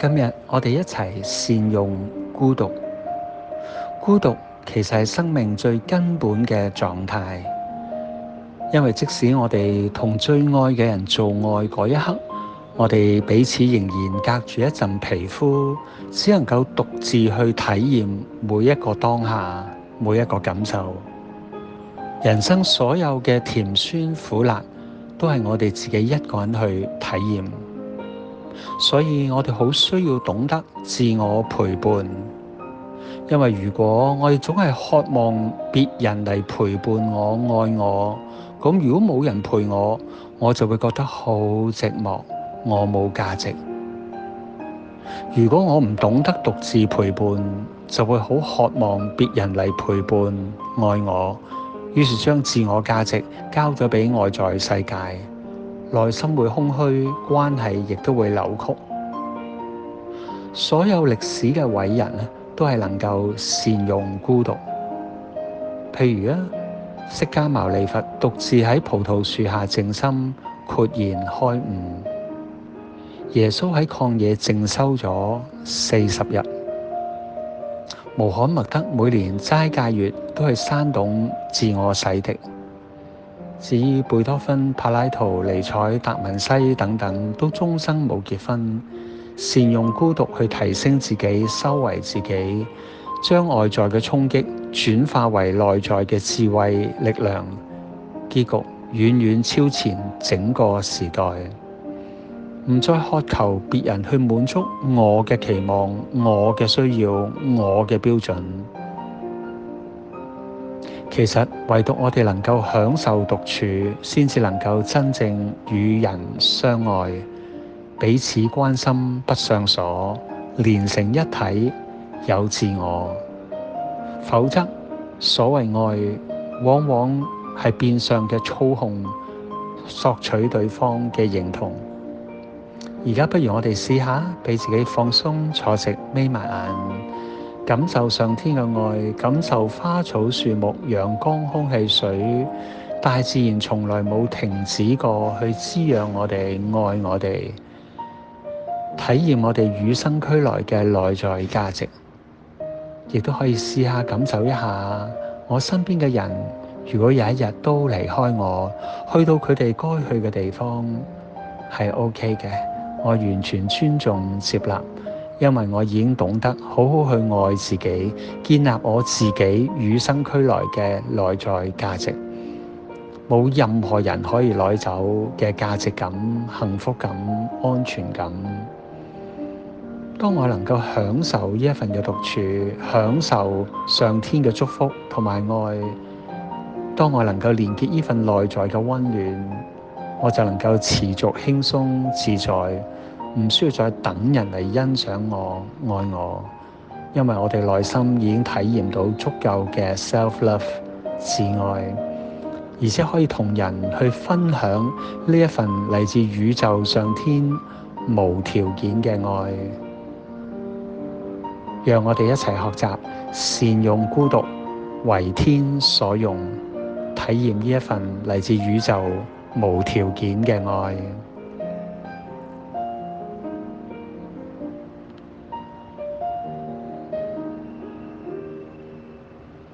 今日我哋一齊善用孤獨。孤獨其實係生命最根本嘅狀態，因為即使我哋同最愛嘅人做愛嗰一刻，我哋彼此仍然隔住一陣皮膚，只能夠獨自去體驗每一個當下，每一個感受。人生所有嘅甜酸苦辣，都係我哋自己一個人去體驗。所以我哋好需要懂得自我陪伴，因為如果我哋總係渴望別人嚟陪伴我、愛我，咁如果冇人陪我，我就會覺得好寂寞，我冇價值。如果我唔懂得獨自陪伴，就會好渴望別人嚟陪伴、愛我，於是將自我價值交咗俾外在世界。內心會空虛，關係亦都會扭曲。所有歷史嘅偉人都係能夠善用孤獨。譬如啊，釋迦牟尼佛獨自喺葡萄樹下靜心豁然開悟。耶穌喺曠野靜修咗四十日。穆罕默德每年齋戒月都係山洞自我洗滌。至於貝多芬、柏拉圖、尼采、達文西等等，都終生冇結婚，善用孤獨去提升自己、修為自己，將外在嘅衝擊轉化為內在嘅智慧力量，結局遠遠超前整個時代，唔再渴求別人去滿足我嘅期望、我嘅需要、我嘅標準。其實，唯獨我哋能夠享受獨處，先至能夠真正與人相愛，彼此關心不相鎖，連成一體有自我。否則，所謂愛，往往係變相嘅操控，索取對方嘅認同。而家不如我哋試下，俾自己放鬆，坐直，眯埋眼。感受上天嘅愛，感受花草樹木、陽光、空氣、水，大自然從來冇停止過去滋養我哋、愛我哋，體驗我哋與生俱來嘅內在價值。亦都可以試下感受一下，我身邊嘅人，如果有一日都離開我，去到佢哋該去嘅地方，係 OK 嘅，我完全尊重接納。因為我已經懂得好好去愛自己，建立我自己與生俱來嘅內在價值，冇任何人可以攞走嘅價值感、幸福感、安全感。當我能夠享受呢一份嘅獨處，享受上天嘅祝福同埋愛，當我能夠連結呢份內在嘅温暖，我就能夠持續輕鬆自在。唔需要再等人嚟欣賞我、愛我，因為我哋內心已經體驗到足夠嘅 self love 自愛，而且可以同人去分享呢一份嚟自宇宙上天無條件嘅愛。讓我哋一齊學習善用孤獨，為天所用，體驗呢一份嚟自宇宙無條件嘅愛。